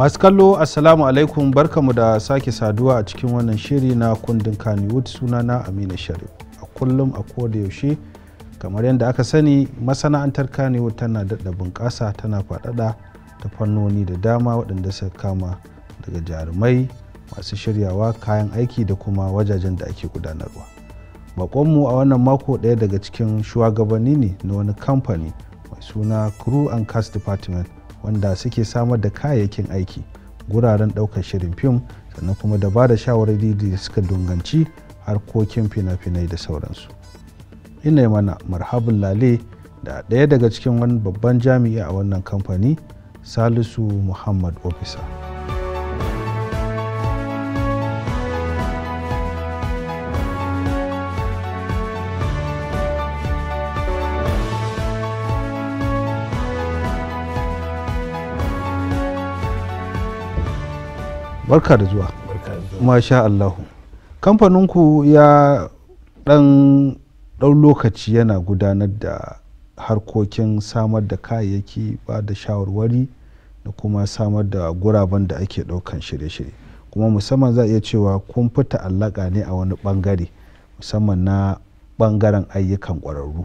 masu kallo assalamu alaikum barkamu da sake saduwa a cikin wannan shiri na kundin kaniwood sunana amina sharif a kullum a koda yaushe kamar yadda aka sani masana'antar kaniwood tana daɗa bunƙasa tana faɗaɗa ta fannoni da dama waɗanda suka kama daga jarumai masu shiryawa kayan aiki da kuma wajajen da ake gudanarwa bakonmu a wannan mako ɗaya daga cikin shugabanni ne na wani kamfani mai suna crew and cast department wanda suke samar da kayayyakin aiki guraren ɗaukar shirin fim sannan kuma da ba da didi da suka dunganci harkokin fina-finai da sauransu ina mana marhabin lale da ɗaya daga cikin wani babban jami'i a wannan kamfani salisu muhammad ofisa. barka da zuwa masha allahu kamfaninku ya dan ɗan lokaci yana gudanar da harkokin samar da kayayyaki ba da shawarwari da kuma samar da guraben da ake ɗaukan shirye-shirye kuma musamman za a iya cewa kun fita allaka ne a wani ɓangare musamman na ɓangaren ayyukan ƙwararru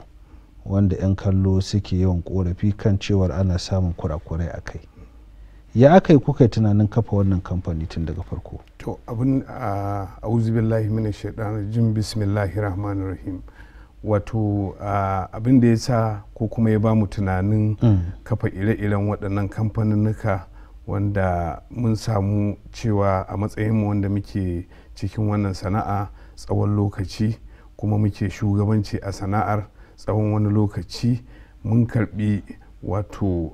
wanda 'yan kallo suke yawan korafi kan cewar ana samun kurakurai a kai ya aka yi kuka tunanin kafa wannan kamfani tun daga farko to abin a uh, auzubillahi mina shaidan jin bismillahi rahman rahim wato abin da ya sa ko kuma ya ba mu tunanin mm. kafa ire-iren waɗannan kamfaninnuka wanda mun samu cewa a matsayin mu wanda muke cikin wannan sana'a tsawon lokaci kuma muke shugabanci a sana'ar tsawon wani lokaci mun karbi wato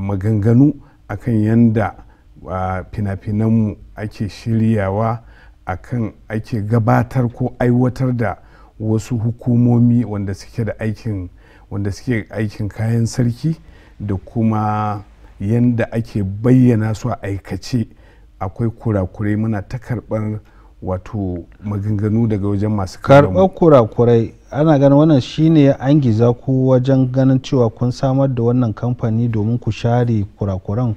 maganganu akan yadda fina-finanmu ake shiryawa akan ake gabatar ko aiwatar da wasu hukumomi wanda suke da aikin wanda suke aikin kayan sarki da kuma yadda ake bayyana su a aikace akwai kurakurai muna ta karɓar wato maganganu daga wajen masu karɓar kurakurai ana ganin wannan shine an giza ku wajen ganin cewa kun samar da wannan kamfani domin ku share kurakuran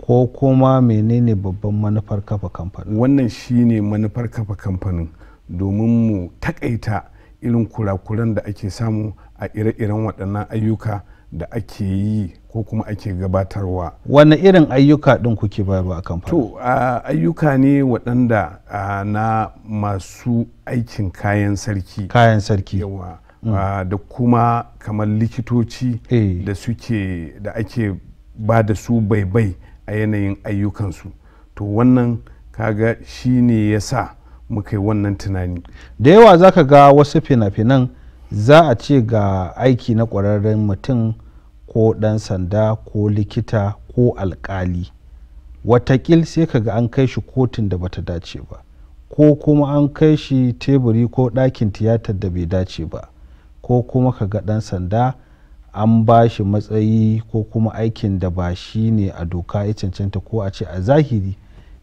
ko kuma menene babban manufar kafa kamfanin wannan shine manufar kafa kamfanin domin mu takaita irin kurakuran da ake samu a ire-iren waɗannan ayyuka da ake yi ko kuma ake gabatarwa wani irin ayyuka ɗin kuke bayarwa a kamfani to ayyuka ne waɗanda na masu aikin kayan sarki kayan sarki yawa mm. da kuma kamar likitoci eh. da suke da ake ba da su baibai a yanayin ayyukansu to wannan kaga shi ne ya sa muka yi wannan tunani da yawa za ka ga wasu fina-finan za a ce ga aiki na ƙwararren mutum ko ɗan sanda ko likita ko alƙali watakil sai ka ga an kai shi kotun da bata dace ba ko kuma an kai shi teburi ko ɗakin tiyatar da bai dace ba ko kuma ka ga ɗan sanda an ba shi matsayi ko kuma aikin da ba shi ne a doka ya cancanta ko a ce a zahiri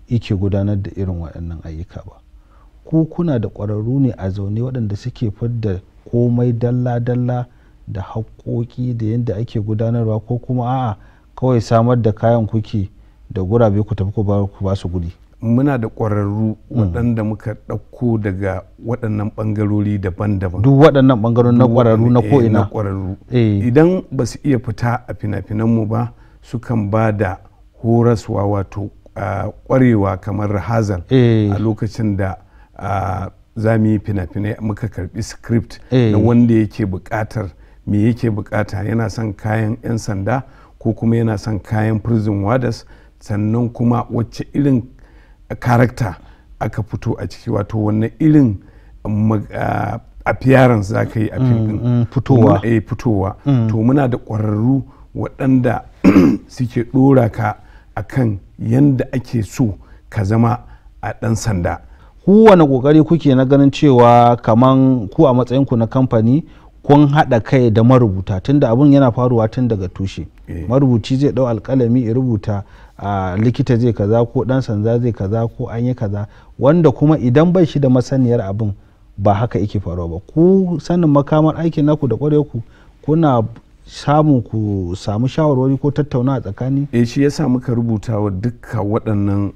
ike gudanar da irin waɗannan ayyuka ba ko kuna da ƙwararru ne a zaune waɗanda suke fidda komai dalla-dalla da haƙoƙi da yadda ake gudanarwa ko kuma a'a kawai samar da kayan kuki da gurabe ku tafi ku ba su guri muna da ƙwararru mm. waɗanda muka ɗauko daga waɗannan ɓangarori daban-daban duk waɗannan ɓangarori eh, na ƙwararru na ko'ina na ƙwararru idan ba su iya fita a fina finan mu ba su kan ba da horaswa wato ah, ƙwarewa kamar hazal eh. a lokacin da ah, za mu yi fina-finai muka karbi script eh. na wanda yake bukatar me yake bukata yana son kayan 'yan sanda ko kuma yana son kayan prison warders sannan kuma wacce irin karakta aka fito a ciki wato wannan irin appearance za ka yi a filin mm, mm, fitowa eh, fitowa mm. to muna da ƙwararru waɗanda suke ɗora ka akan yanda ake so ka zama a ɗan sanda kowane kokari kuke na ganin cewa kaman ku a matsayinku na kamfani kun haɗa kai da marubuta tunda abun yana faruwa tun daga tushe eh. marubuci zai ɗau alƙalami ya rubuta a likita zai kaza ko dan sanza zai kaza ko an yi kaza wanda kuma idan bai shi da masaniyar abin ba haka yake faruwa ba ku sanin makamar aikin naku da kware ku kuna samu ku samu shawarwari ko tattauna a tsakani eh shi yasa muka rubuta wa dukkan waɗannan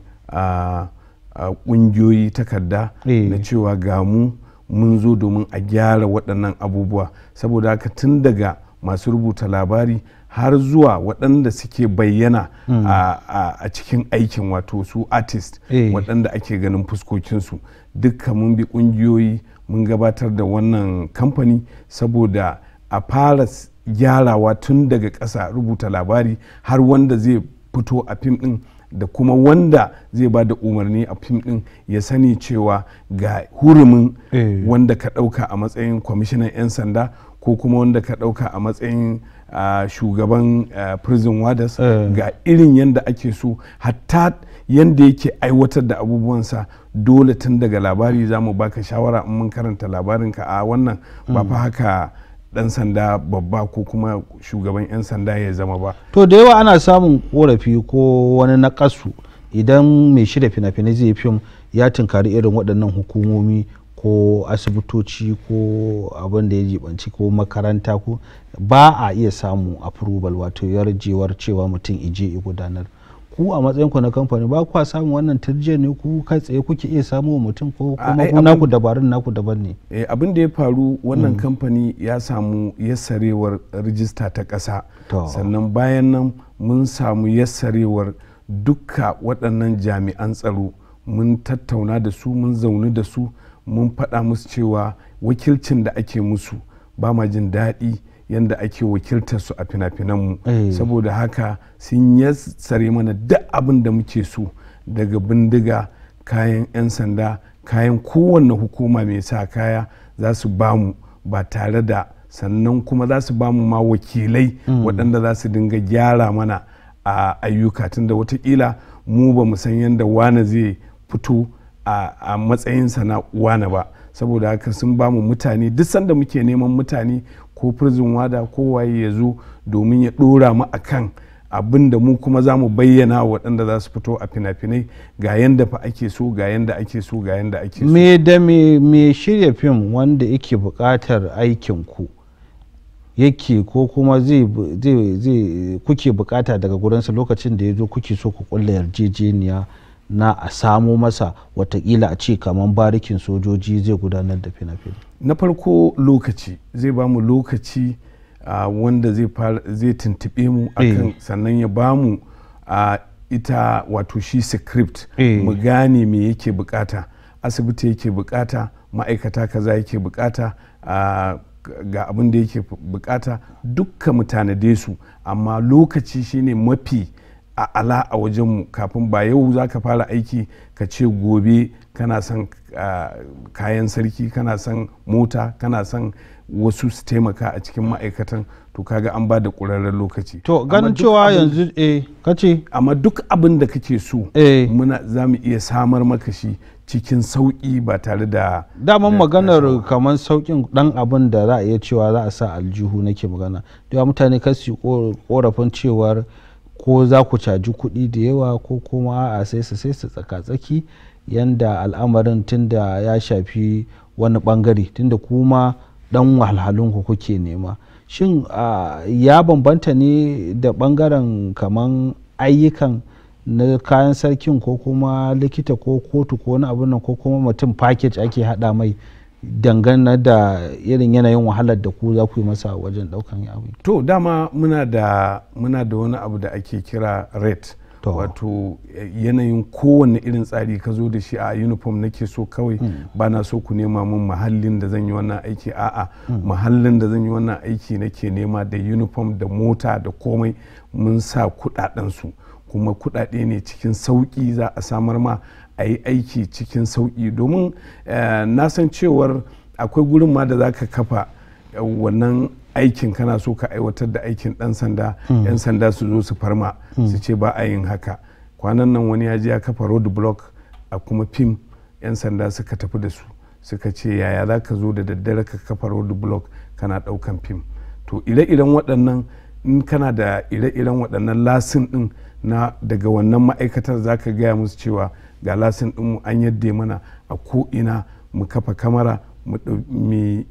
a kungiyoyi takarda eh. na cewa ga mu mun zo domin a gyara waɗannan abubuwa saboda haka tun daga masu rubuta labari har zuwa waɗanda suke bayyana hmm. a cikin aikin wato su artist eh. waɗanda ake ganin fuskokinsu dukkan mun bi ƙungiyoyi mun gabatar da wannan kamfani saboda a fara gyarawa tun daga ƙasa rubuta labari har wanda zai fito a fim ɗin da kuma wanda zai ba da umarni a fim din ya sani cewa ga hurumin eh. wanda ka ɗauka a matsayin kwamishinan 'yan sanda ko kuma wanda ka ɗauka a matsayin shugaban prison waters eh. ga irin yadda ake so hatta yadda yake aiwatar da abubuwansa dole tun daga labari za mu baka shawara in mun karanta labarinka a wannan ba fa mm. haka dan sanda babba ko kuma shugaban 'yan sanda ya zama ba to da yawa ana samun korafi ko wani nakasu idan mai shirya fina-finai zai fim ya tunkari irin waɗannan hukumomi ko asibitoci ko abin da ya jibanci ko makaranta ko ba a iya samu approval wato yarjewar cewa mutum ije gudanar ku a matsayin ku na kamfani ba kwa samun wannan turjiya ne ku kai tsaye kuke iya samu wa mutum ko kuma ku naku dabarun naku daban ne eh abin da ya faru wannan mm. kamfani ya samu yassarewar rijista ta ƙasa sannan bayan nan mun samu yassarewar dukka waɗannan jami'an tsaro mun tattauna da su mun zaune da su mun faɗa musu cewa wakilcin da ake musu ba ma jin daɗi yadda ake wakiltar su a fina-finanmu eh. saboda haka sun tsare mana duk abin da muke so daga bindiga kayan 'yan sanda kayan kowanne hukuma mai sa kaya za su bamu ba tare da sannan kuma za su bamu ma wakilai mm. waɗanda za su dinga gyara mana a ayyuka tun da watakila mu ba mu san yadda wane zai fito a matsayinsa na wane ba saboda haka sun bamu mutane duk sanda muke neman mutane ko prison wada ko waye ya zo domin ya ɗora mu akan abin da mu kuma za mu bayyana waɗanda za su fito a fina-finai ga yanda fa ake so ga yanda ake so ga yanda ake so me da me me shirya fim wanda yake buƙatar aikin ku yake ko kuma zai kuke buƙata daga gurinsa lokacin da ya zo kuke so ku kulla yarjejeniya na a samo masa watakila a ce kamar barikin sojoji zai gudanar da fina-finai na farko lokaci zai ba mu lokaci wanda zai tuntube mu eh. akan sannan ya ba mu ita wato shi script eh. mu gane me yake bukata asibiti yake bukata ma'aikata kaza yake bukata ga abin da yake bukata dukka mu da su amma lokaci shine mafi a ala a wajenmu kafin ba yau za ka fara aiki ka ce gobe kana son kayan sarki kana son mota kana son wasu su taimaka a cikin ma'aikatan to kaga an ba da ƙurarren lokaci to ganin cewa yanzu eh kace amma duk abin da kake so eh. muna za mu iya samar maka shi cikin sauki ba tare da daman maganar kamar saukin dan abin da za a iya cewa za a sa aljihu nake magana da mutane kasu korafin cewar ko za ku caji kuɗi da yawa ko kuma a sai su sai su tsaka-tsaki yanda al'amarin tunda ya shafi wani bangare tunda kuma dan ku kuke nema shin ya bambanta ne da bangaren kaman ayyukan na kayan sarkin ko kuma likita ko kotu ko wani abu nan ko kuma mutum package ake hada mai dangane da irin yanayin wahalar da ku za ku yi masa wajen daukan yawi to dama muna da muna da wani abu da ake kira rate wato eh, yanayin kowane irin tsari ka zo da shi a uniform nake so kawai hmm. ba na so ku nema mun mahallin da zan yi wannan aiki a'a hmm. mahallin da zan yi wannan aiki nake nema da uniform da mota da komai mun sa kudaden su kuma kudade ne cikin sauki za a samar ma a yi aiki cikin sauki domin eh, na san cewar akwai gurin ma da za ka kafa eh, wannan aikin kana so ka aiwatar da aikin dan sanda hmm. yan sanda su zo su farma hmm. su ce ba a yin haka kwanan nan wani ya je ya kafa road block a kuma fim yan sanda suka tafi da su suka ce yaya za ka zo da daddare ka kafa road block kana daukan fim to ire-iren waɗannan in kana da ire-iren waɗannan lasin ɗin na daga wannan ma'aikatar za ka gaya musu cewa ga lasin ɗinmu an yadda mana a ko'ina mu kafa kamara mu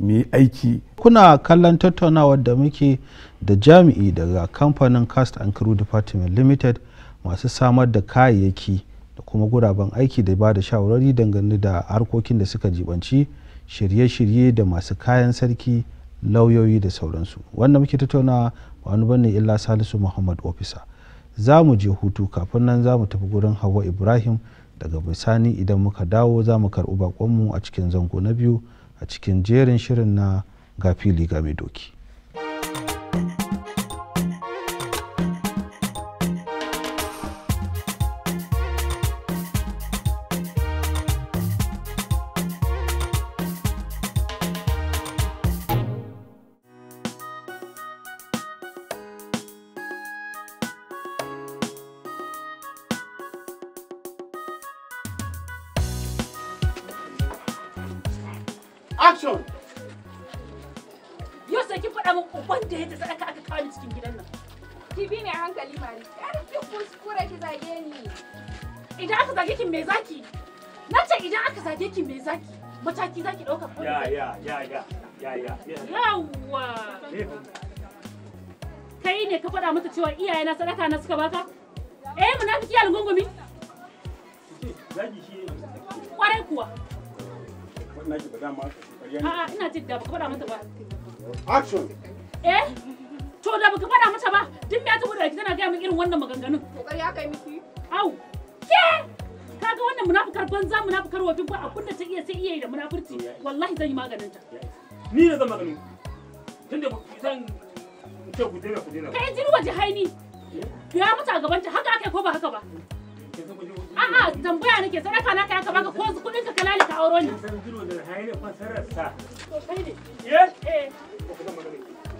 mu yi aiki kuna kallon tattaunawar da muke da jami'i daga kamfanin cast and crew department limited masu samar da kayayyaki da kuma guraben aiki da ba da shawarwari dangane da harkokin da suka jibanci shirye-shirye da masu kayan sarki lauyoyi da sauransu wanda muke tattaunawa ba wani bane illa salisu muhammad ofisa za mu je hutu kafin nan za mu tafi gurin hawa ibrahim daga bisani idan muka dawo za mu karɓi bakonmu a cikin zango na biyu a cikin jerin shirin na ga fili ga mai doki cikin gidan nan ki bi ne hankali mari yar ki kuskure ki zage ni idan aka zage ki me zaki na ce idan aka zage ki me zaki mataki zaki dauka ko ya ya ya ya ya ya yawa kai ne ka faɗa mata cewa iyaye na sadaka na suka baka eh munafiki al-gungumi. Zaki shi kwarai kuwa wannan ki ba dama a ina jidda ba ka faɗa mata ba action eh To da baka fada mata ba, duk ya zubo da ki tana gaya min irin wannan maganganun. Kokari aka yi miki. Au. Ke! Kaga wannan munafukar banza munafukar wato ba abin da ta iya sai iya da munafurci. Wallahi zan yi maganin ta. Ni ne zan maganin. Tunda zan ce ku daina ku dena. Kai jini waje haini. Eh? Ya mutu a ta haka ake ko ba haka ba. A'a tambaya nake sadaka na kai aka baka ko kudin ka kalali ka auro ni. San haini Eh? Eh. Ko kuma maganin.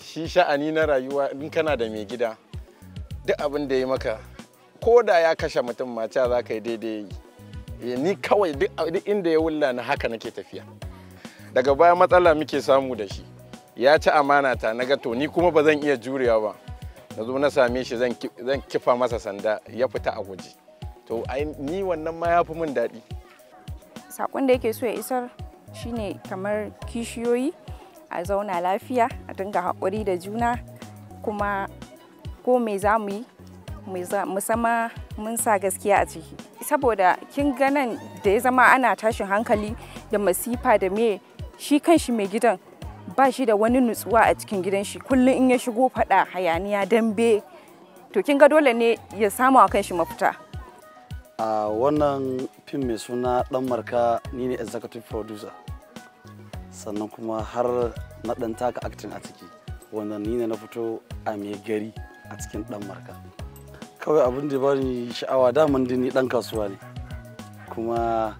shi sha'ani na rayuwa in kana da mai gida duk abin da ya maka ko da ya kashe mutum mace za ka yi daidai yi eh, ni kawai duk inda ya wulla na haka nake tafiya daga baya matsala muke samu da shi ya ci amana ta na ga to ni kuma ba zan iya jurewa ba na zo na same shi zan kifa masa sanda ya fita a guji to ni wannan ma ya fi min daɗi sakon da yake so ya isar shine kamar kishiyoyi a zauna lafiya a dinga hakuri da juna kuma ko me za mu yi musamman mun sa gaskiya a ciki saboda kin ganan da ya zama ana tashin hankali da masifa da me shi kanshi mai gidan ba shi da wani nutsuwa a cikin gidan shi kullum in ya shigo fada hayaniya dambe to kin ga dole ne ya samu a kanshi mafita a wannan fim mai suna dan marka ni ne executive producer sannan kuma har na dan taka acting a ciki wanda ni ne na fito a mai gari a cikin dan marka kawai abin da bani sha'awa daman da ni dan kasuwa ne kuma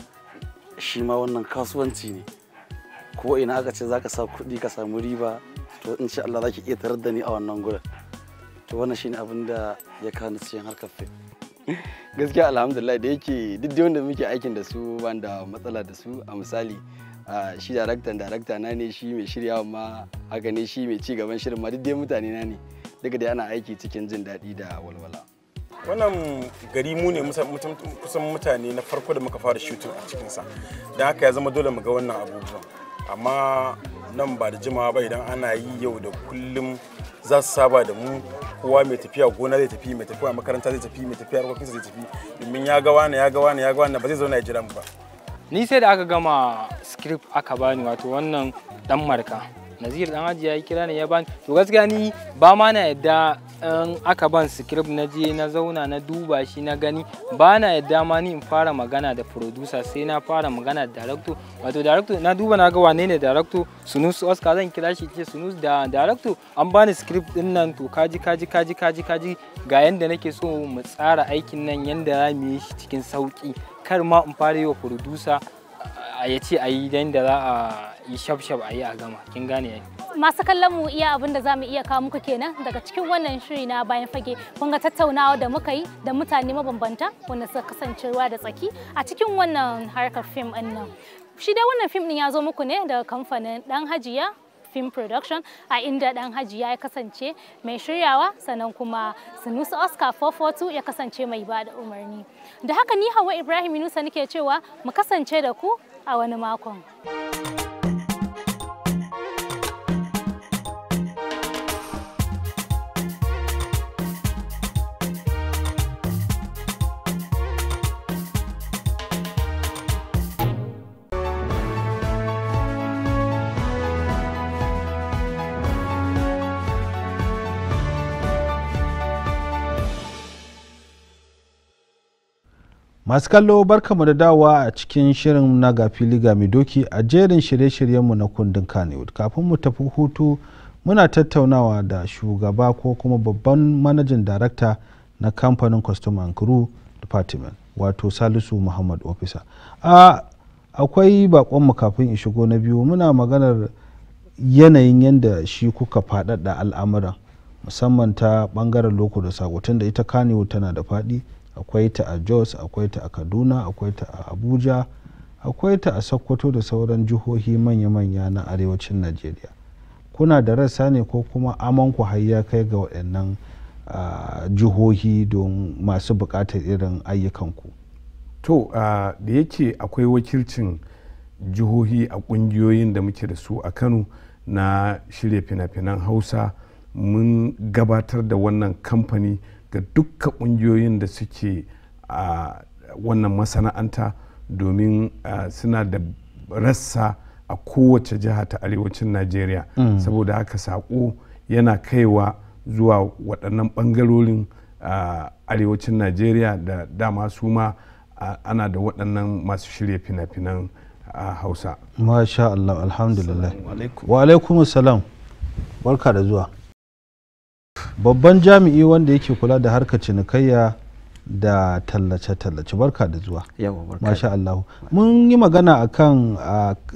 shi ma wannan kasuwanci ne ko ina aka ce za ka sa kuɗi ka samu riba to sha Allah ki iya tarar da ni a wannan gurin to wannan shine abin da ya kawo cikin harkar fim gaskiya alhamdulillah da yake duk wanda muke aikin da su ban matsala da su a misali shi daraktan darakta na ne shi mai shiryawa ma haka ne shi mai ci gaban shirin ma duk mutane na ne daga da ana aiki cikin jin daɗi da walwala wannan gari mu ne kusan mutane na farko da muka fara shooting a cikinsa da haka ya zama dole mu ga wannan abubuwan amma nan ba da jimawa ba idan ana yi yau da kullum za su saba da mu kowa mai tafiya gona zai tafi mai tafiya makaranta zai tafi mai tafiya harkokinsa zai tafi domin ya ga wani ya ga wani ya ga wani ba zai zauna ya jira mu ba ni sai da aka gama script aka bani wato wannan dan marka nazir dan aji ya kira ne ya bani to gaskiya ni ba ma na yadda in aka ban script na je na zauna na duba shi na gani ba na yadda ma ni in fara magana da producer sai na fara magana da director wato director na duba na ga wane ne director sunus oscar zan kira shi ce sunus da director an bani script din nan to kaji kaji kaji kaji kaji ga yanda nake so mu tsara aikin nan yanda za mu yi shi cikin sauki kar ma in fara yi wa producer ya ce a yi yanda za a yi shab-shab a yi a gama kin gane masu kallon mu iya abin da zamu iya kawo muku kenan daga cikin wannan shiri na bayan fage kun ga tattaunawa da muka yi da mutane mabambanta wanda suka kasance da tsaki a cikin wannan harkar fim din nan shi dai wannan fim din ya zo muku ne daga kamfanin dan hajiya film production a inda dan hajiya ya kasance mai shiryawa sannan kuma sunusu oscar 442 ya kasance mai ba da umarni da haka ni hawa ibrahim yunusa nake cewa mu kasance da ku a wani makon. masu kallo barkamu da dawowa a cikin shirin na ga fili ga doki a jerin shirye-shiryenmu na kundin kanewood kafin mu tafi hutu muna tattaunawa da shugaba ko kuma babban manajan darakta na kamfanin custom and crew department wato salisu muhammad ofisa a akwai bakonmu kafin in shigo na biyu muna maganar yanayin yadda shi kuka faɗaɗa al'amuran musamman ta bangaren loko da sako da ita kanewood tana da faɗi akwai ta a jos akwai ta a kaduna akwai ta a abuja akwai ta a sokoto da sauran jihohi manya-manya na arewacin najeriya kuna da rasa ne ko kuma amanku har ya kai ga waɗannan jihohi don masu buƙatar irin ayyukanku to da yake akwai wakilcin jihohi a ƙungiyoyin da muke da su a kano na shirya fina-finan hausa mun gabatar da wannan kamfani ga dukkan ƙungiyoyin da suke a wannan masana'anta domin suna da rassa a kowace jiha ta arewacin najeriya mm. saboda haka saƙo yana kaiwa zuwa waɗannan ɓangarorin arewacin najeriya da dama su ma ana da waɗannan masu shirya fina-finan hausa masha allah alhamdulillah wa alaikum salam barka da zuwa babban jami'i wanda yake kula da harkar cinikayya da tallace-tallace barka da zuwa masha Allah mun yi magana akan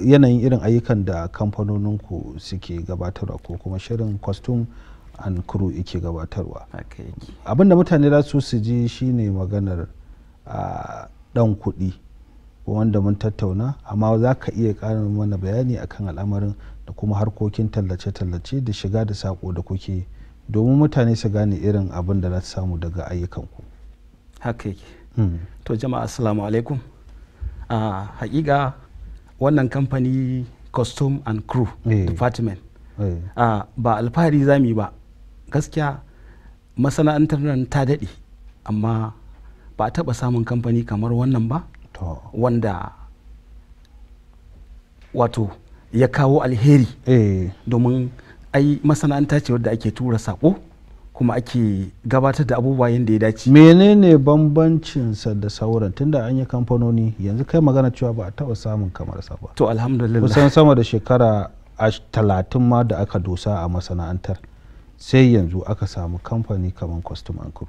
yanayin irin ayyukan da kamfanoninku suke gabatarwa ko kuma shirin costume and crew yake gabatarwa abinda mutane za su su ji shine maganar dan kuɗi wanda mun tattauna amma za ka iya ƙarin mana bayani akan al'amarin da kuma harkokin tallace-tallace da shiga da saƙo da kuke domin mutane su gane irin abin da za su samu daga ayyukanku haka yake hmm. to jama'a assalamu alaikum a hakika wannan kamfani costume and crew eh. department eh. ba alfahari za mu ba gaskiya masana'antar nan ta daɗe amma ba a taɓa samun kamfani kamar wannan ba wanda wato ya kawo alheri eh. domin ai masana'anta ce wadda ake tura sako kuma ake gabatar da abubuwa yadda ya dace menene bambancinsa da sauran tunda an yi kamfanoni yanzu kai magana cewa ba a taɓa samun kamar sa ba to alhamdulillah kusan sama da shekara talatin ma da aka dosa a masana'antar sai yanzu aka samu kamfani kamar custom an crew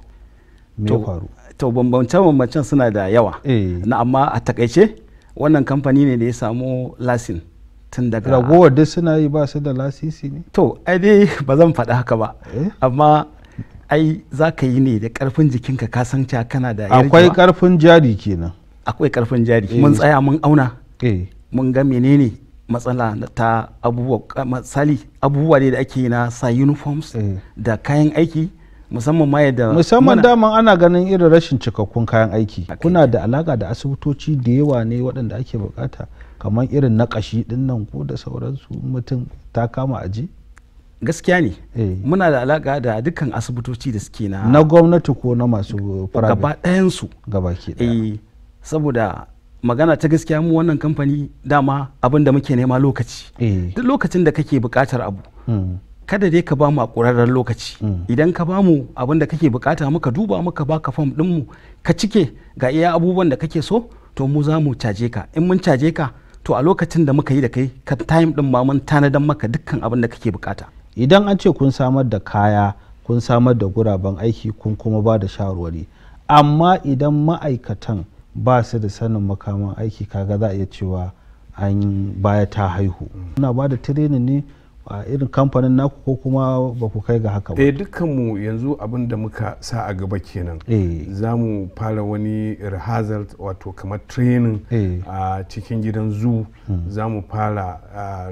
me faru to bambance bambancen suna da yawa eh. na amma a takaice wannan kamfani ne da ya samu lasin tun daga ragowar duk suna yi ba su da lasisi ne to ai dai ba zan faɗi haka ba eh? amma ai za ka yi ne da karfin jikinka ka san cewa kana da akwai karfin jari kenan akwai karfin jari eh. mun tsaya mun auna eh. mun ga menene matsala ta abubuwa misali abubuwa ne da ake yi na sa uniforms da kayan aiki musamman ma yadda musamman daman ana ganin irin rashin cikakkun kayan aiki kuna da alaka da asibitoci da yawa ne waɗanda ake bukata kamar irin na kashi din nan ko da sauransu mutum ta kama aji gaskiya ne eh. muna da alaka da dukkan asibitoci da suke na na gwamnati ko na masu private gaba su gaba ke eh saboda magana ta gaskiya mu wannan kamfani dama abin da muke nema lokaci eh. duk lokacin da kake buƙatar abu hmm. kada dai ka bamu a ƙurarren lokaci hmm. idan ka bamu abin da kake bukata muka duba muka baka fam ɗinmu ka cike ga iya abubuwan da kake so to mu za mu caje ka in mun caje ka to a lokacin da muka yi da kai ka time din ma mun tanadan maka dukkan abin da kake bukata idan an ce kun samar da kaya kun samar da guraben aiki kun kuma ba da shawarwari amma idan ma'aikatan ba su da sanin makaman aiki kaga za a iya cewa an baya ta haihu muna ba da tirenin ne a irin kamfanin naku ko kuma ba ku kai ga haka ba eh, dukkanmu yanzu abin da muka sa a gaba kenan eh. za mu fara wani rehazal wato kamar training eh. a cikin gidan zu hmm. za mu fara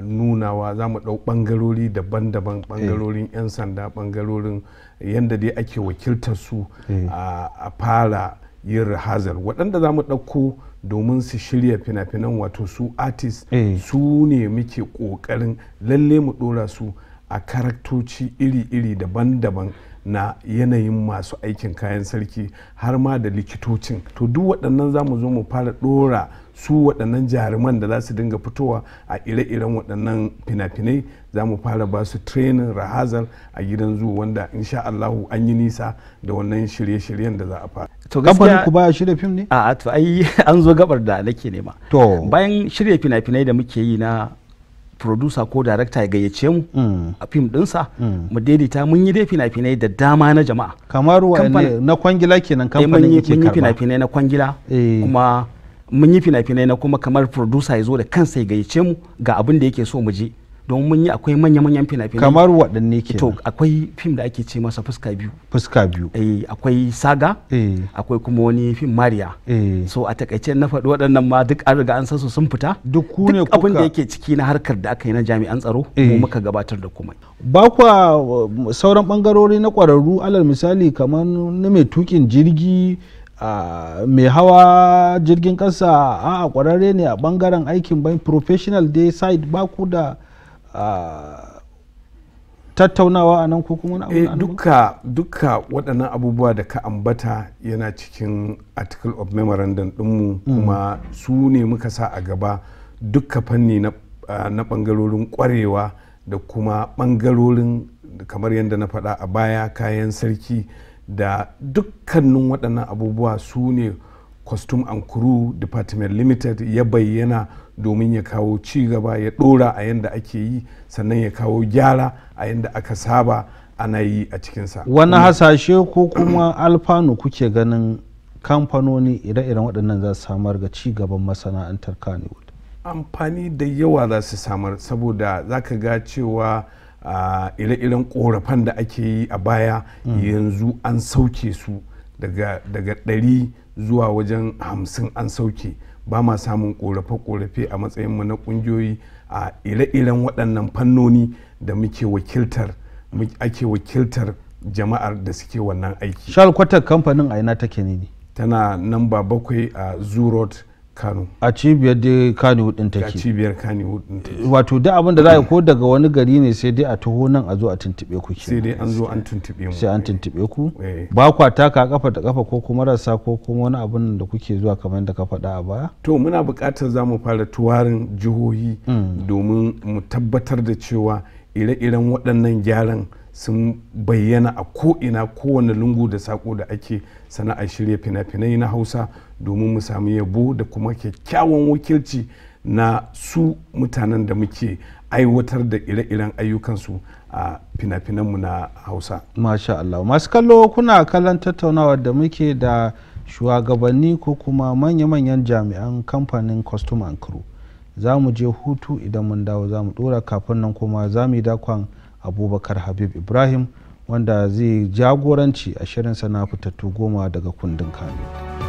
nunawa za mu ɗau ɓangarori daban-daban ɓangarorin 'yan sanda ɓangarorin yadda dai ake wakiltar su a fara yin rehazal waɗanda za mu ɗauko domin su shirya fina-finan wato su artist eh. su ne muke kokarin lalle mu dora su a karaktoci iri-iri daban-daban na yanayin masu aikin kayan sarki har ma da likitocin to duk waɗannan za mu zo mu fara dora su waɗannan jaruman da za su dinga fitowa a ire-iren waɗannan fina-finai za mu fara ba su trenin rahazar a gidan zuwa wanda insha Allah an yi nisa da wannan shirye-shiryen da za a fara. To gaskiya ku baya shirya fim ne? A'a to ai an zo gabar da nake nema. To bayan shirya fina-finai da muke yi na producer ko director ya gayyace mu mm. a fim dinsa mm. mu daidaita mun yi dai fina-finai da dama na jama'a kamar na kwangila kenan eh, kamfanin yake karba mun yi fina-finai na kwangila eh. kuma mun yi fina-finai na kuma kamar producer ya zo da kansa ya gayyace mu ga abin da yake so mu je don mun yi akwai manya-manyan fina-finai kamar waɗanne ke to akwai fim da ake ce masa fuska biyu fuska biyu eh akwai saga eh akwai kuma wani fim mariya eh so a takaice na faɗi waɗannan ma duk an riga an san su sun fita duk ku ne kuka abin da yake ciki na harkar da aka yi na jami'an tsaro mu eh. muka gabatar da komai ba kwa um, sauran bangarori na kwararru alal misali kamar na mai tukin jirgi mai hawa jirgin kasa a kwararre ne a bangaren aikin ban professional day side ba ku da tattaunawa a nan ko kuma e, duka duka waɗannan abubuwa da ka ambata yana cikin article of memorandum ɗinmu mm. kuma su ne muka sa a gaba duka fanni na ɓangarorin kwarewa ƙwarewa da kuma ɓangarorin kamar yadda na faɗa a baya kayan sarki da dukkanin waɗannan abubuwa su ne costume and crew department limited ya bayyana domin ya kawo ci gaba ya ɗora a yadda ake yi sannan ya kawo gyara a yadda aka saba ana yi a cikinsa wani hasashe ko kuma alfanu kuke ganin kamfanoni ire-iren waɗannan za su samar ga ci gaban masana'antar kanewood amfani da yawa za su samar saboda za ka ga cewa a ire-iren korafan da ake yi a baya mm. yanzu an sauke su daga ɗari zuwa wajen hamsin an sauke ba ma samun korafe-korafe a matsayinmu na ƙungiyoyi a ire-iren waɗannan fannoni da muke wakiltar ake wakiltar jama'ar da suke wannan aiki. Shalkwatar kamfanin a ina take ne? Tana nan ba bakwai a Zoo Road kano a cibiyar da kano din take a cibiyar kano din take wato duk abin da za a ko daga wani gari ne sai dai a taho nan a zo a tuntube ku ke. sai dai an zo an tuntube mu sai an tuntube ku eh. ba kwa taka kafa da kafa ko kuma rasa ko kuma wani abin da kuke zuwa kamar da ka faɗa a baya to muna buƙatar za mu fara tuwarin jihohi mm. domin mu tabbatar da cewa ire-iren waɗannan gyaran sun bayyana a ko'ina kowane lungu da sako da ake sana'ar shirya fina-finai na hausa domin mu samu yabo da kuma kyakkyawan wakilci na su mutanen da muke aiwatar da ire-iren ayyukansu a fina-finanmu na hausa masha Allah masu kallo kuna kallon tattaunawa da muke da shugabanni ko kuma manya-manyan jami'an kamfanin costume and crew za mu je hutu idan mun dawo za mu dora kafin nan kuma za mu yi dakon abubakar habib ibrahim wanda zai jagoranci a shirin sana fitattu goma daga kundin kano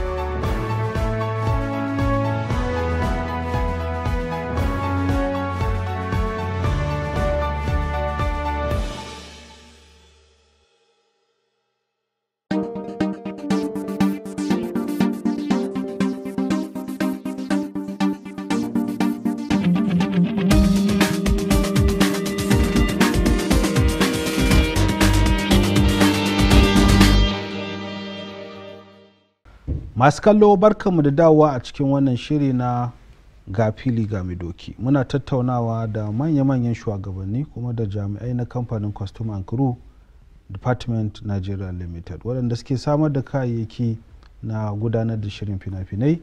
masu kallo barkanmu da dawowa a cikin wannan shiri na ga fili ga doki muna tattaunawa da manya-manyan shugabanni kuma da jami'ai na kamfanin custom and crew department nigeria limited waɗanda suke samar da kayayyaki na gudanar da shirin fina-finai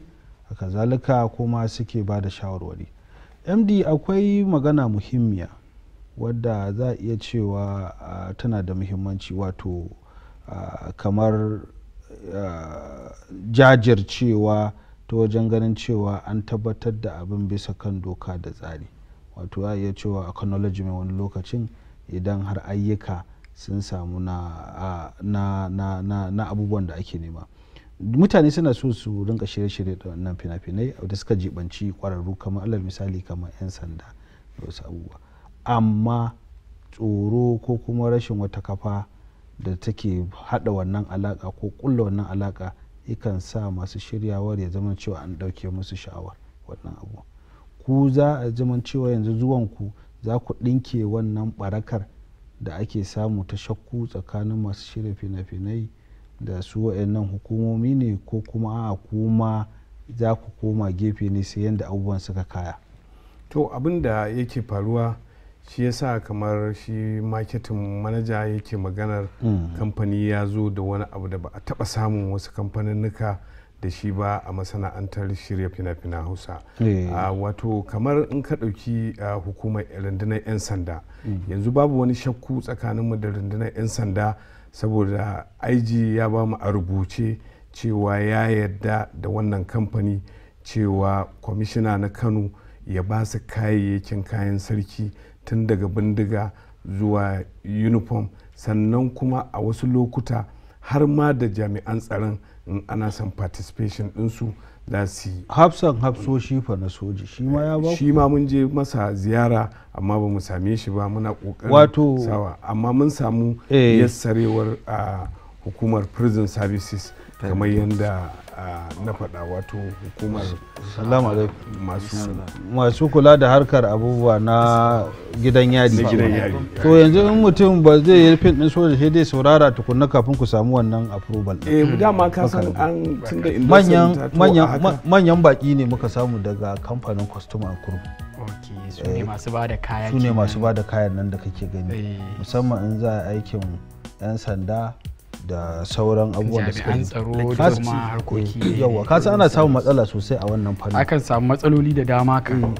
a kazalika kuma suke ba da shawarwari md akwai magana muhimmiya wadda za a iya cewa ah, tana da muhimmanci wato ah, kamar jajircewa ta wajen ganin cewa an tabbatar da abin bisa kan doka da tsari wato ya iya cewa mai wani lokacin idan har ayyuka sun samu na, abubuwan da ake nema mutane suna so su rinka shirye-shirye da wannan fina-finai da suka jibanci kwararru kamar alal misali kamar 'yan sanda da wasu abubuwa amma tsoro ko kuma rashin wata kafa da take hada wannan alaka ko kulla wannan alaka yakan sa masu shiryawar ya zama cewa an dauke musu sha'awar wannan abu ku za a zama cewa yanzu zuwan ku za ku ɗinke wannan barakar da ake samu ta shakku tsakanin masu shirya fina-finai da su wa'annan hukumomi ne ko kuma a kuma za ku koma gefe ne sai yadda abubuwan suka kaya to abin da yake faruwa shi yasa kamar shi marketing manaja yake maganar hmm. kamfani ya zo da wani abu da ba a taba samun wasu kamfaninnika da shi ba a masana'antar shirya fina fina hausa eh. ah, wato kamar in ka ɗauki ah, hukumar eh, rundunar 'yan sanda hmm. yanzu babu wani shakku tsakaninmu da rundunar 'yan sanda saboda IG ya ba mu a rubuce cewa ya yarda da wannan kamfani cewa kwamishina na kano ya ba su kayayyakin kayan sarki tun daga bindiga zuwa uniform sannan kuma a wasu lokuta har ma da jami'an tsaron in ana son participation ɗinsu za su yi hafsan shi fa na soji shi ma ya ba shi ma mun je masa ziyara amma ba mu same shi ba muna ƙoƙarin wato amma mun samu eh. yassarewar ah, hukumar prison services kamar yadda na faɗa wato hukumar masu masu kula da harkar abubuwa na gidan yari to yanzu in mutum ba zai yi fim din soja shi dai saurara tukunna kafin ku samu wannan approval eh dama ka san an tunda manyan manyan manyan baki ne muka samu daga kamfanin customer group Okay, eh, ne masu kaya su ne masu ba da kayan nan da kake gani eh. musamman in za a aikin 'yan sanda da sauran abubuwan da suka tsaro da kasa eh, ana samun matsala sosai a wannan fannin akan samu matsaloli da dama kan mm,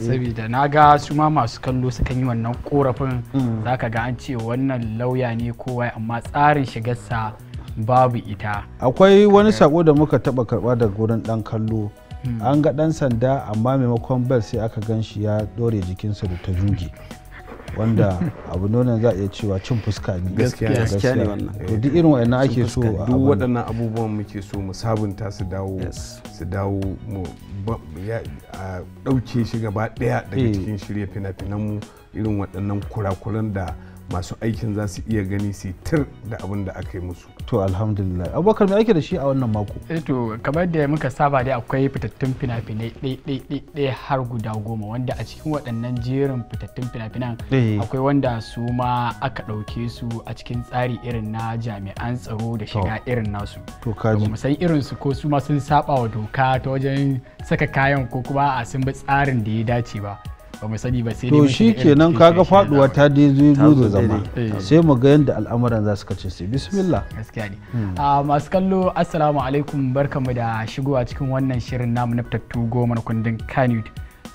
mm. saboda na ga su ma masu kallo sukan yi wannan korafin mm. za ka ga an ce wannan lauya ne kowai amma tsarin shigarsa babu ita akwai wani sako da muka taba karba daga gurin dan kallo an ga dan sanda amma maimakon bel sai aka gan shi ya dore jikinsa da ta juge wanda abu nuna za a iya cewa cin fuska ne gaskiya ne wannan to duk irin wayannan ake so duk waɗannan abubuwan muke so mu sabunta su dawo su dawo mu ɗauke shi gaba ɗaya daga eh. cikin shirya fina-finan mu irin waɗannan kurakuran da masu aikin za su iya gani su tir da abin da aka yi musu. To alhamdulillah. Abubakar mai aiki da shi a wannan mako? Eh to kamar da muka saba dai akwai fitattun fina-finai ɗai-ɗai har guda goma wanda a cikin waɗannan jerin fitattun fina-finan eh. akwai wanda su ma aka ɗauke su a cikin tsari irin na jami'an tsaro da shiga irin nasu. To kaji. Kuma san irin su ko su ma sun saba wa doka ta wajen saka kayan ko kuma a sun bi tsarin da ya dace ba. ba sani ba sai to shi kenan kaga faduwa ta dai zo da zama sai mu ga yadda al'amuran za su kace sai bismillah gaskiya ne hmm. ah, masu kallo assalamu alaikum barkamu da shigowa cikin wannan shirin namu na fitattu goma kundin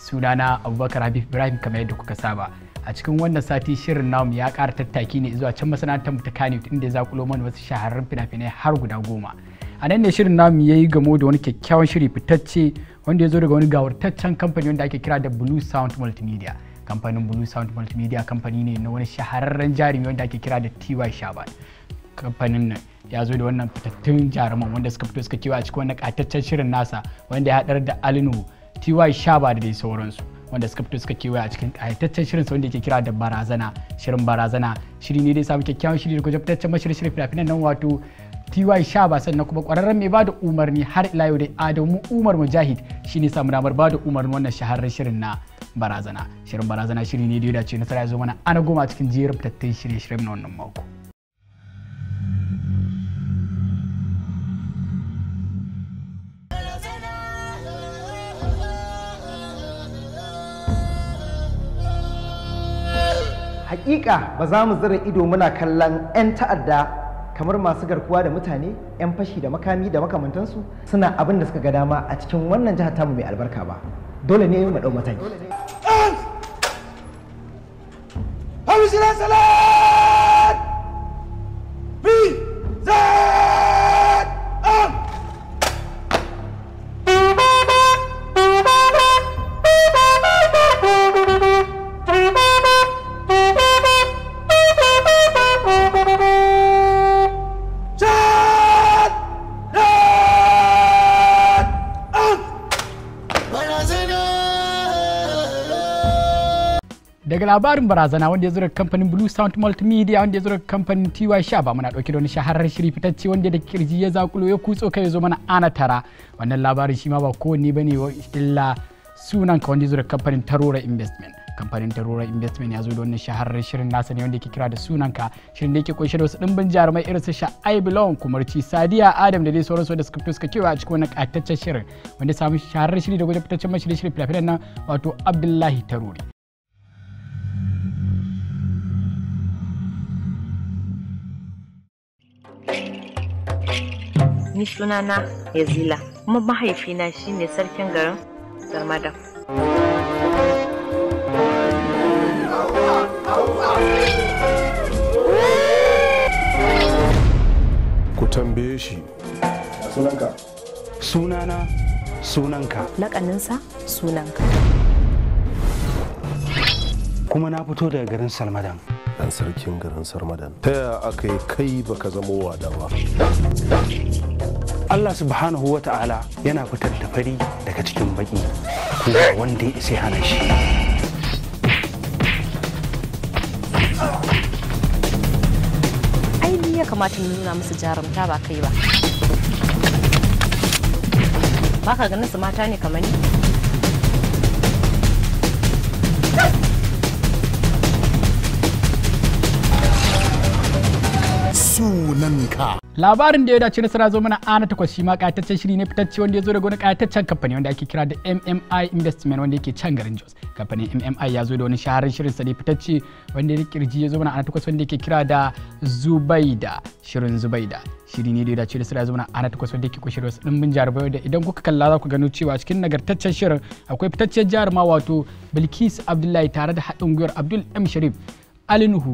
suna na abubakar habib ibrahim kamar yadda kuka saba a cikin wannan sati shirin namu ya kara tattaki ne zuwa can masana'antar mu ta inda ya zakulo mana wasu shahararrun fina-finai har guda goma a nan ne shirin namu ya yi gamo da wani kyakkyawan shiri fitacce wanda ya zo daga wani gawartaccen kamfani wanda ake kira da blue sound multimedia kamfanin blue sound multimedia kamfani ne na wani shahararren jarumi wanda ake kira da ty shaban kamfanin nan ya zo da wannan fitattun jaruman wanda suka fito suka kewa a cikin wannan kataccen shirin nasa wanda ya haɗar da alinu ty shaba da dai sauransu wanda suka fito suka kewaye a cikin ƙayataccen shirin sa wanda yake kira da barazana shirin barazana shiri ne dai samu kyakkyawan shiri da kuma fitaccen mashirin shirin fina-finan nan wato ty shaba sannan kuma kwararren mai bada umarni har ila yau dai adamu umar mujahid shine samu damar bada umarni wannan shaharren shirin na barazana shirin barazana shiri ne da ya dace nasara ya zo mana ana goma cikin jerin fitattun shirye shirye na wannan mako hakika ba za mu zira ido muna kallon 'yan ta'adda kamar masu garkuwa da mutane 'yan fashi da makami da makamantansu suna abin da suka ga dama a cikin wannan jihar tamu mai albarka ba dole ne mu ɗau mataki labarin barazana wanda ya zo daga kamfanin Blue Sound Multimedia wanda ya zo daga kamfanin TY ba muna dauke da wani shahararren shiri fitacce wanda da kirji ya zakulo ya kutso kai ya zo mana ana tara wannan labarin shi ma ba kowanne bane wa illa sunan ka wanda ya zo daga kamfanin Tarora Investment kamfanin Tarora Investment ya zo da wannan shahararren shirin nasa ne wanda yake kira da sunan ka shirin da yake kunshe da wasu dimbin jarumai irin su Sha'ai Bilon Kumarci Sadiya Adam da dai sauransu da suka suka kewa a cikin wannan kataccen shirin wanda ya samu shahararren shiri da gwada fitaccen mashirin shirin filafilan nan wato Abdullahi Tarori ni sunana yazila kuma mahaifina shine sarkin garin garmada ku tambaye shi sunanka sunana sunanka lakaninsa sunanka kuma na fito daga garin salmadan dan sarkin garin salmadan ta yaya aka yi kai baka zama wada ba Allah subhanahu wa ta'ala yana fitar da fari daga cikin baki kuma wanda ya isa hana shi ai ni ya kamata mu nuna musu jarumta ba kai ba ba ka ganin su mata ne kamar ni sunanka labarin da ya dace nasara zo mana ana takwas shi ma kayataccen shiri ne fitacce wanda ya zo daga wani kayataccen kamfani wanda ake kira da MMI Investment wanda yake can garin Jos kamfanin MMI ya zo da wani shaharar shirin sa ne fitacce wanda ya kirji ya zo mana ana takwas wanda yake kira da Zubaida shirin Zubaida shiri ne da ya dace ya zo mana ana takwas wanda yake kushe wasu dimbin Bayo da idan kuka kalla za ku gano cewa cikin nagartaccen shirin akwai jihar ma wato Bilkis Abdullahi tare da haɗin gwiwar Abdul M Sharif Ali Nuhu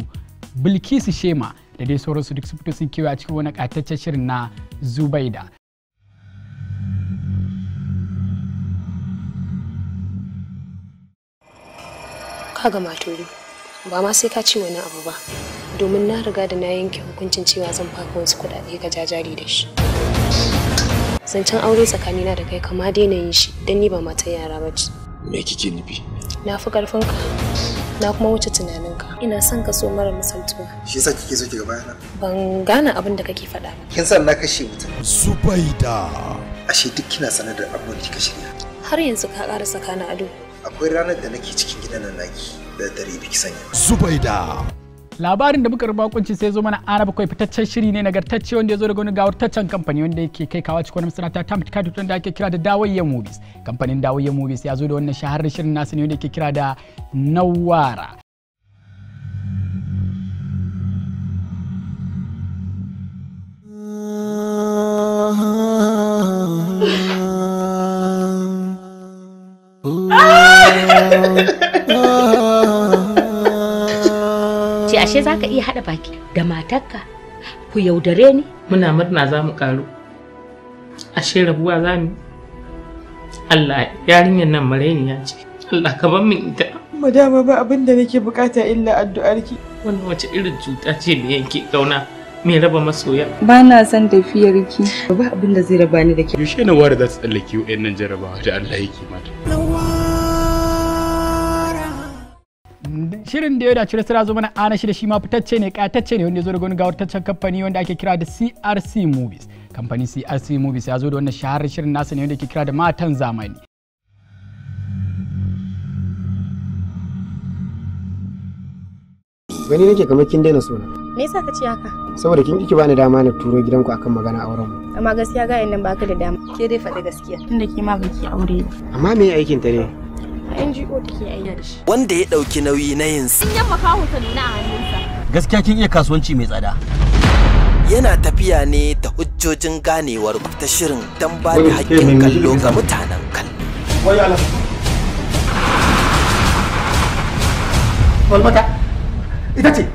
Bilkisu Shema da dai sauransu duk su fito sun kewa a cikin wani ƙataccen shirin na zubaida kaga maturu ba ma sai ka ce wani abu ba domin na riga da na yanke hukuncin cewa zan faka wasu kuɗaɗe ga jajari da shi zancen aure tsakanina da kai kama daina yin shi don ni ba matan yara ba ce me kike nufi na fi ƙarfinka na kuma wuce tunaninka ina son ka so mara misaltuwa shi yasa kike so ki bayana ban gane abin da kake faɗa ba kin san na kashe mutum zubaida ashe duk kina sanar da abin da kika shirya har yanzu ka ƙara tsakanin ado akwai ranar da nake cikin gidan nan naki da dare biki sanya zubaida labarin da muka rubuta kunci sai zo mana arab bakwai fitaccen shiri ne nagartacce wanda ya zo daga wani gawartaccen kamfani wanda yake kai kawa cikin sanata ta mutuka tutun da ake kira da dawayya movies kamfanin dawayya movies ya zo da wannan shaharar shirin nasu ne wanda yake kira da nawara ah! ashe za ka iya haɗa baki da matarka ku yaudare ni muna murna za mu ƙaru ashe rabuwa za mu Allah yarinyar nan ya ce Allah ka ban min ita madama ba abin da nake bukata illa addu'arki wannan wace irin cuta ce da yanke kauna me raba masoya ba na son tafiyarki ba abin da zai raba ni da ke yaushe na ware za su tsallake wa'annan jarabawa da Allah yake mata shirin da ya dace da sira zo mana ana shi da shi ma fitacce ne katacce ne wanda ya zo daga wani gawartaccen kamfani wanda ake kira da CRC Movies. Kamfani CRC Movies ya zo da wannan shaharar shirin nasa ne wanda ke kira da matan zamani. Gani nake kamar kin daina suna. Me yasa ka ce haka? Saboda kin kike bani dama na turo gidanku akan magana auren mu. Amma gaskiya ga nan baka da dama. Ke dai faɗi gaskiya. Tunda ke ma baki aure. Amma me aikin ta ne? NGO da shi wanda ya dauki nauyi na yin sa yan kawo ta nuna a hannunsa gaskiya kin iya kasuwanci mai tsada yana tafiya ne da hujjojin ganewar ta shirin don ba da haƙƙin kallo ga mutanen kallo Walmata, ita ce.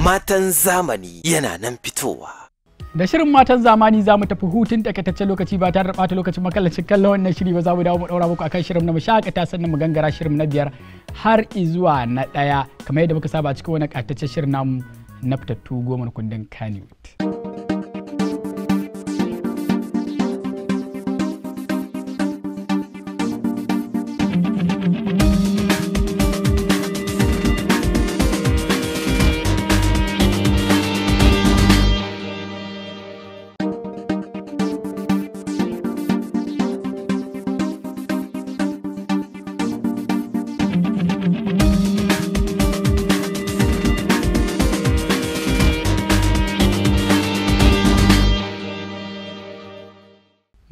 Matan zamani yana nan fitowa. da shirin matan zamani za mu tafi hutun takaitaccen lokaci ba tare da bata lokacin makallacin kallon wannan shiri ba za mu dawo mu daura muku akan shirin na mu shakata sannan mu gangara shirin na biyar har izuwa na ɗaya kamar yadda muka saba cikin wani ƙataccen shirin namu na fitattu goma kundin Kannywood.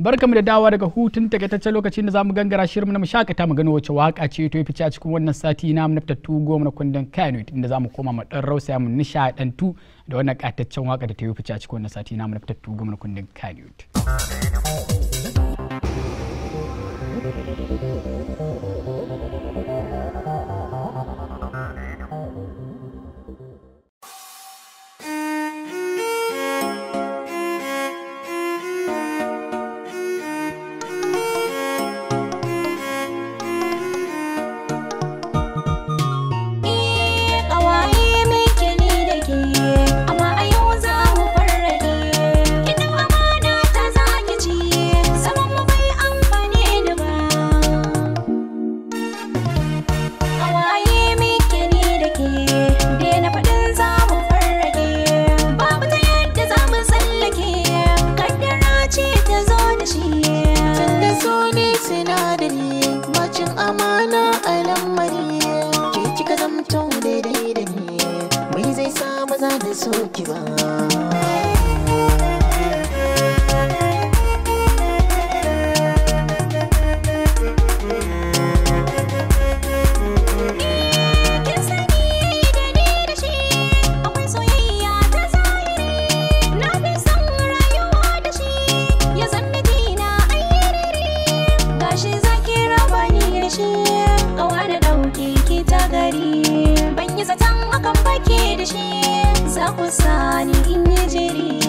barkamu da dawa daga hutun takaitaccen lokacin da zamu gangara shirin na mashakata mu gano wace waka ce to fice a cikin wannan sati na mu tattu goma na kundin Kano inda zamu koma mu dan rausa mu nishadantu da wannan kataccen waka da ta yi fice a cikin wannan sati na mu tattu goma na kundin Kano kusani inyeceliği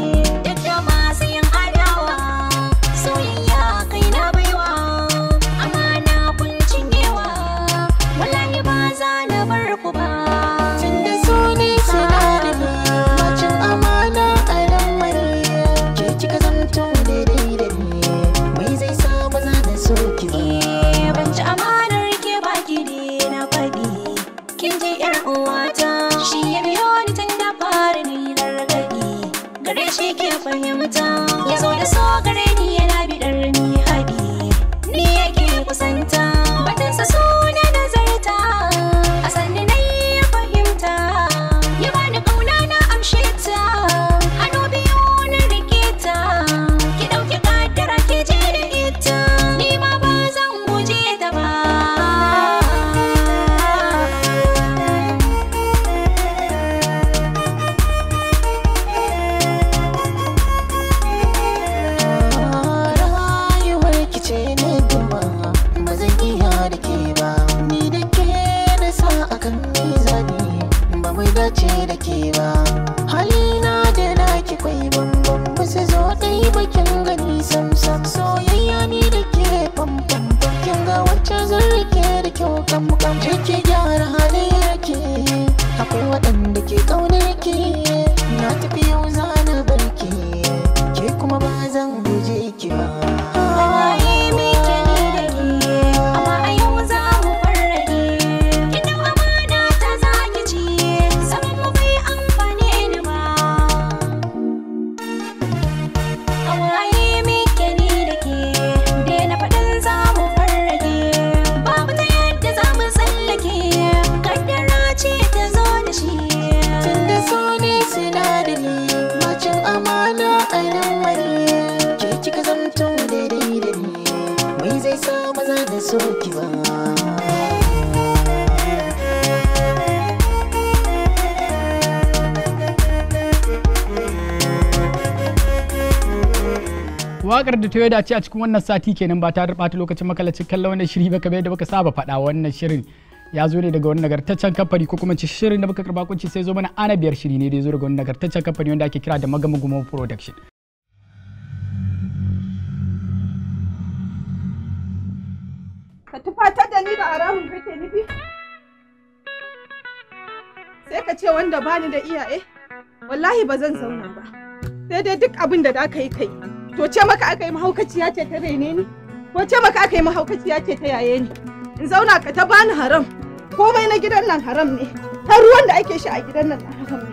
da ta dace a cikin wannan sati kenan ba ta ɓata lokacin makalacin kallon wannan shiri ba kabe da baka saba faɗa wannan shirin ya zo ne daga wani nagartaccen kamfani ko kuma shirin da baka karba kunci sai zo mana ana biyar shiri ne da ya zo daga wani nagartaccen kamfani wanda ake kira da magamaguma production ka tufata da ni da arahun kake nufi sai ka ce wanda bani da iyaye wallahi ba zan zauna ba sai dai duk abin da da ka yi kai To ce maka aka yi mahaukaciya ce ta rene ni? Ko ce maka aka yi mahaukaciya ce ta yaye ni? In zauna ka ta bani haram. Komai na gidan nan haram ne. ta ruwan da ake sha a gidan nan haram ne.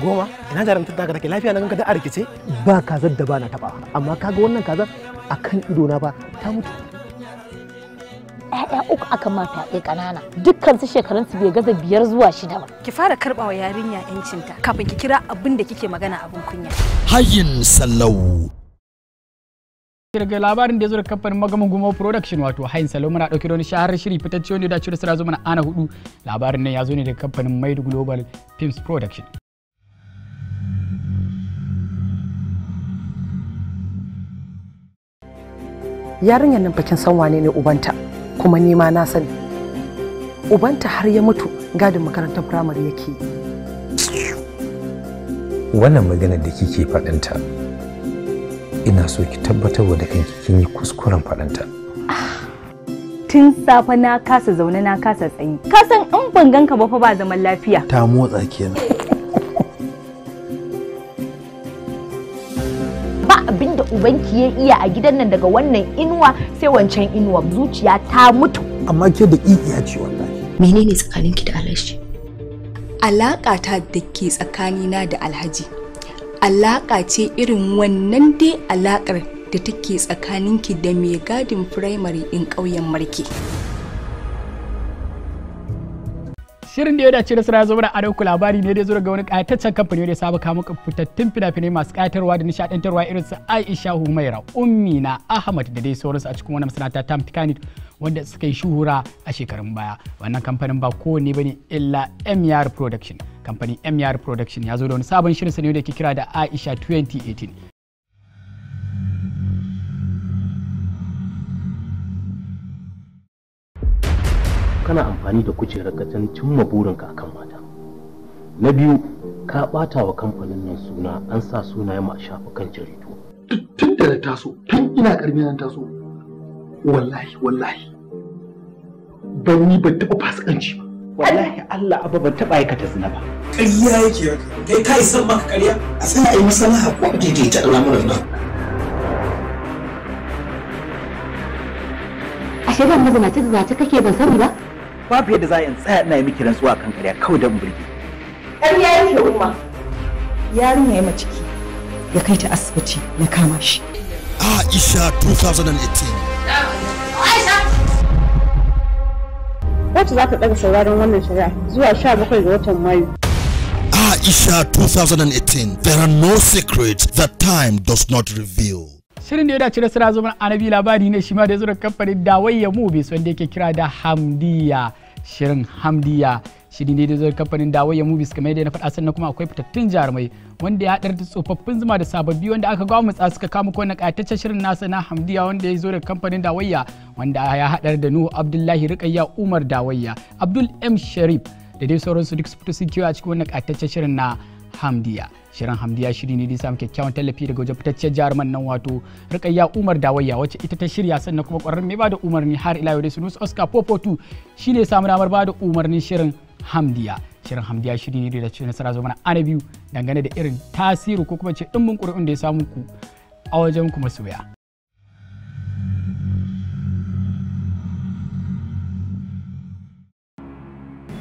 Goma, ina jaramtar ta take lafiya nan ka da a rikice? Ba kazar da bana taba, amma kaga wannan kazar akan ido na ba ta mutu. 'ya'ya uku aka ma fyaɗe ƙanana dukkan su shekarun su bai gaza biyar zuwa shida ba ki fara karɓa wa yarinya yancinta kafin ki kira abin da kike magana abin kunya hayin sallau daga labarin da ya zo da kamfanin magaman gumo production wato hayin salo muna dauke da wani shaharar shiri fitacce wanda da dace da sura zuma na ana hudu labarin nan ya zo ne daga kamfanin maid global films production yarinyar nan bakin san wane ne ubanta kuma nima na sani ubanta har ya mutu gadin makarantar firamare yake wannan maganar da kike faɗinta ina so ki tabbatar da kanki kin yi kuskuren faɗinta tun safe na kasa zaune na kasa tsayi kasan in ban ganka ba fa ba zaman lafiya ta motsa kenan abinda abin da ubanki ya iya a gidan nan daga wannan inuwa sai wancan inuwa zuciya ta mutu amma ke da iya ce wallahi menene ki da alhaji alaƙa ta da ke tsakanina da alhaji alaƙa ce irin wannan dai alaƙar da take tsakaninki da mai gadin firamare ɗin ƙauyen marke. shirin da ya dace da sura zama da adon ku labari ne da zo daga wani kayataccen kamfani da ya saba kawo muku fitattun fina-finai masu kayatarwa da nishadantarwa irin su Aisha Humaira, Ummi na Ahmad da dai sauransu a cikin wani masana'anta ta Tamtikani wanda suka yi shuhura a shekarun baya. Wannan kamfanin ba ko ne bane illa MR Production. Kamfanin MR Production ya zo da wani sabon shirin sa ne da ke kira da Aisha 2018. kana amfani da kujerar ka can cimma burinka akan mata na biyu ka ɓata wa kamfanin nan suna an sa sunayen ma shafukan jaridu tun da na taso tun ina ƙarfi na taso wallahi wallahi ban ni ban taɓa fasikanci ba wallahi Allah abba ban taɓa aikata zina ba ƙarya yake kai ka san maka kariya a sai a yi masalaha ko daidaita al'amuran nan ashe ban mazinaci da zace kake ban sani ba babu yadda za a tsaya ina yi miki rantsuwa kan kariya kawai don burge ƙarya yake umma yarinya ya ciki ya kai ta asibiti ya kama shi Aisha 2018 Wacce za ta ɗaga sauraron wannan shari'a zuwa 17 ga watan Mayu. Aisha 2018 There are no secrets that time does not reveal. shirin da ya dace da suna zama anabi labari ne shi ma da zura kamfanin dawayya movies wanda yake kira da hamdiya shirin hamdiya shirin ne da zura kamfanin dawayya movies kamar yadda na faɗa sannan kuma akwai fitattun jarumai wanda ya haɗar da tsofaffin zuma da sababbi wanda aka mutsa suka kama ko na ƙayataccen shirin nasa na hamdiya wanda ya zo da kamfanin dawayya wanda ya haɗar da nuhu abdullahi rikayya umar dawayya abdul m sharif da dai sauransu duk su fito sun kewa a cikin wannan ƙayataccen shirin na hamdiya shirin hamdiya shiri ne da samu kyakkyawan tallafi daga wajen fitacciyar jaruman nan wato rikayya umar dawayya wacce ita ta shirya sannan kuma kwararren mai bada umarni har ila yau da sunus oscar popotu shine samu damar bada umarnin shirin hamdiya shirin hamdiya shiri ne da ce nasara zo mana ana biyu dangane da irin tasiri ko kuma ce dimbin ƙuri'un da ya samu ku a wajen kuma soya.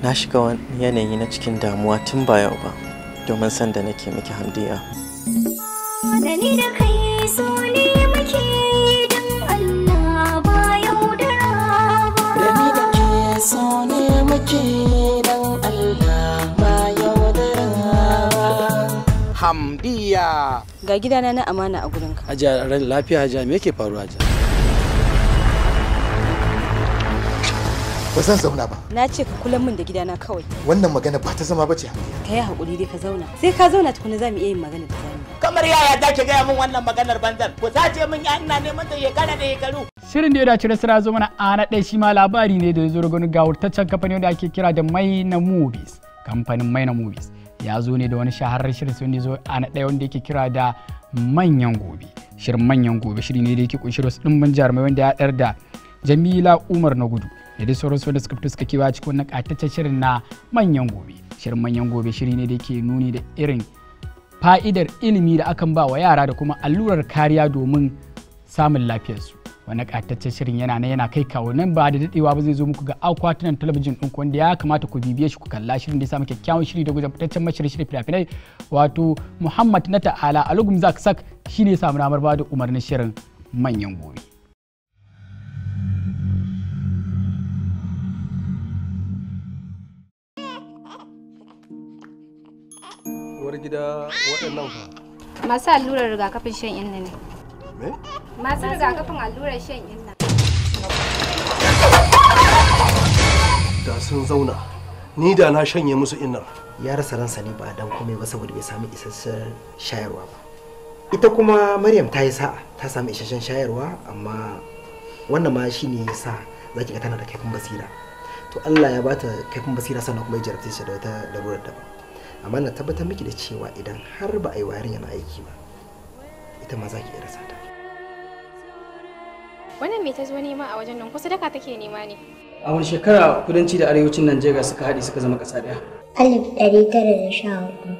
Na shiga wani yanayi na cikin damuwa tun ba yau ba. domin san da nake miki hamdiya. kai so muke don Allah ba yaudara muke don Allah ba yaudara Hamdiya. Ga gidana na amana a gurinka. ran lafiya hajiya me ke faruwa ja? ba zan zauna ba na ce ka kula min da gidana kawai wannan magana ba ta zama bace ka yi hakuri dai ka zauna sai ka zauna tukuna za mu iya yin magana da zamu kamar yaya za ki gaya min wannan maganar banzar. ku sace min ya ina neman da shekara da shekaru shirin da ya dace da sura zo mana a na ɗaya shi ma labari ne da ya zo ga wurtaccen kamfani wanda ake kira da mai na movies kamfanin mai na movies ya zo ne da wani shaharar shirin sun zo a na ɗaya wanda yake kira da manyan gobe shirin manyan gobe shiri ne da yake kunshi wasu ɗimbin jarumai wanda ya ɗar da jamila umar na gudu da dai sauransu da suka fito suka kewa cikin wannan ƙataccen shirin na manyan gobe shirin manyan gobe shiri ne da ke nuni da irin fa'idar ilimi da akan ba wa yara da kuma allurar kariya domin samun lafiyarsu wani ƙataccen shirin yana na yana kai kawo nan ba da daɗewa ba zai zo muku ga akwatunan talabijin ɗin wanda ya kamata ku bibiye shi ku kalla shirin da ya samu kyakkyawan shiri da gudan fitaccen mashirin shirin fina-finai wato muhammad na ta'ala alugum zak sak shine ya samu damar ba da umarnin shirin manyan gobe. gida waɗannan fa masu allurar rigakafin shan inna ne me masu rigakafin allurar shan inna da sun zauna ni da na shanye musu innar ya rasa ransa ne ba a dan komai ba saboda bai samu isasshen shayarwa ba ita kuma maryam ta yi sa'a ta samu isasshen shayarwa amma wannan ma ne ya sa za ki ga tana da kaifin basira to allah ya bata kaifin basira sannan kuma ya jarabce shi da wata larurar daban amma na tabbatar miki da cewa idan har ba a yi wayarin yana aiki ba ita ma za ki iya rasa ta wannan me ta zo nema a wajen nan kusa daka take nema ne a wani shekara kudanci da arewacin najeriya suka haɗe suka zama ƙasa ɗaya alif ɗari tara da sha hudu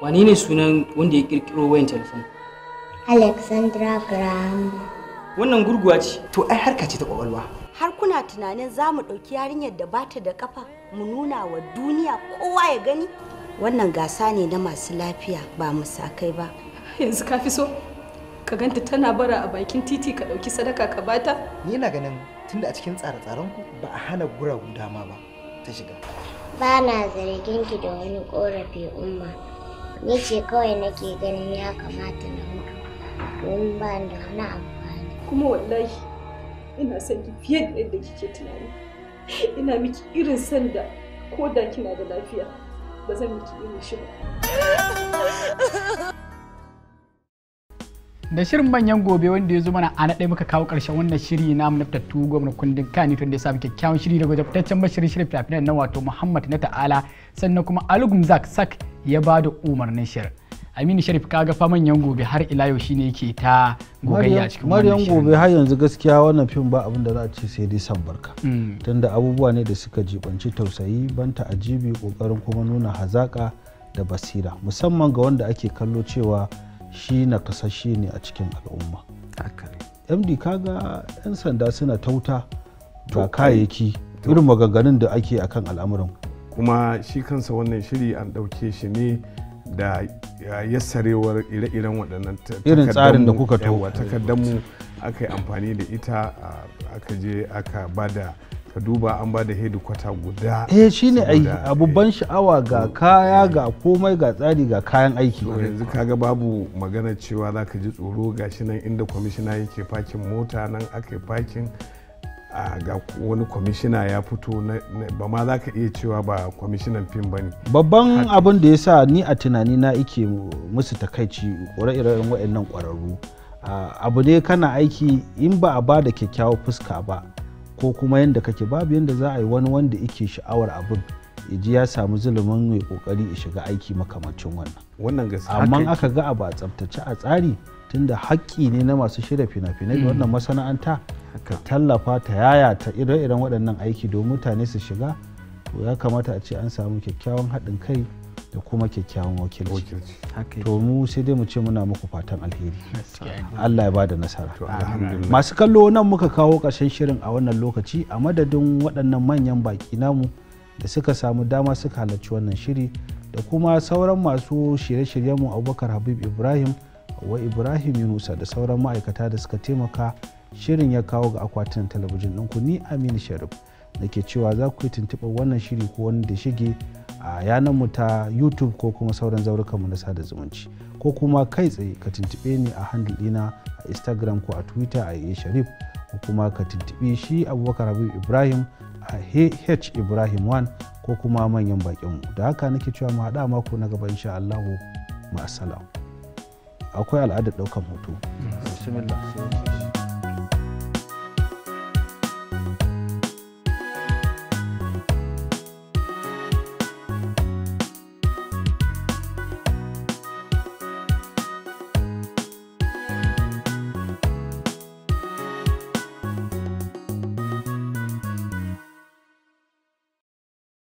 wani ne sunan wanda ya ƙirƙiro wayan telefon alexandra graham wannan gurguwa ce to ai harka ce ta ƙwaƙwalwa har kuna tunanin za mu ɗauki yarinyar da bata da kafa mu nuna wa duniya kowa ya gani wannan gasa ne na masu lafiya ba musakai ba yanzu ka fi so ka ganta tana bara a bakin titi ka ɗauki sadaka ka bata ni na ganin tunda a cikin tsare-tsaren ku ba a hana guragu dama ba ta shiga ba na zargin ki da wani korafi umma ni ce kawai nake ganin ya kamata na mutu domin ba da wani amfani kuma wallahi ina son ki fiye da yadda kike tunani ina miki irin sanda ko da kina da lafiya da shirin manyan gobe wanda ya zo mana a naɗe muka kawo ƙarshen wannan shiri na tu gwamnan kundin kani tun da ya samu kyakkyawan shiri da fitaccen bashirin shirin fina na wato muhammad na ta'ala sannan kuma alugum zak sak ya ba da umarnin shirin aminu sharif kaga fa manyan gobe har ila yau shine yake ta gogayya cikin wannan gobe har yanzu gaskiya wannan fim ba abin da za a ce sai dai san barka mm. tunda abubuwa ne da suka jibanci tausayi banta ajibi kokarin kuma nuna hazaka da basira musamman ga wanda ake kallo cewa shi na kasashe ne a cikin al'umma md kaga 'yan sanda suna tauta ga kayayyaki irin maganganun da ake akan al'amuran kuma shi kansa wannan shiri an ɗauke shi ne da yassarewar ire-iren waɗannan irin tsarin da kuka to takardarmu aka yi amfani da ita aka je aka bada ka duba an bada hedikwata guda eh shine ai abubban sha'awa eh, ga kaya eh. ga komai ga tsari ga kayan aiki ko yanzu kaga babu magana cewa za ka ji tsoro gashi nan inda kwamishina yake fakin mota nan aka yi fakin ga wani kwamishina ya fito ba ma za ka iya cewa ba kwamishinan fim ba ne babban abin da ya sa ni a tunani na ike musu takaici ire-iren waɗannan ƙwararru abu ne kana aiki in ba a ba da kyakkyawa fuska ba ko kuma yadda kake babu yadda za a yi wani wanda ike sha'awar abin ji ya samu zulumin mai kokari ya shiga aiki makamacin wannan amma aka ga abu a tsaftace a tsari tunda haƙƙi ne na masu shirya fina-finai da mm. wannan masana'anta ka tallafa ta yaya ta ire-iren waɗannan aiki don mutane su shiga to ya kamata a ce an samu kyakkyawan haɗin kai da kuma kyakkyawan wakilci to mu sai dai mu ce muna muku fatan alheri Allah ya bada nasara masu kallo nan muka kawo ƙarshen shirin a wannan lokaci a madadin waɗannan manyan baƙi namu da suka samu dama suka halarci wannan shiri da kuma sauran masu shirye shiryen mu. abubakar habib ibrahim wa ibrahim yunusa da sauran ma'aikata da suka taimaka shirin ya kawo ga akwatin talabijin ɗinku ni aminu sharif da ke cewa za ku yi tuntuɓar wannan shiri ko wani da shige a mu ta youtube ko kuma sauran zaurukanmu na sada zumunci ko kuma kai tsaye ka tuntuɓe ni a handle ɗina a instagram ko a twitter a iya sharif ko kuma ka tuntuɓe shi abubakar habib ibrahim a h ibrahim 1 ko kuma manyan bakinmu da haka nake cewa mu haɗa mako na gaba insha allahu ma'asalam akwai al'adar ɗaukan hoto bismillah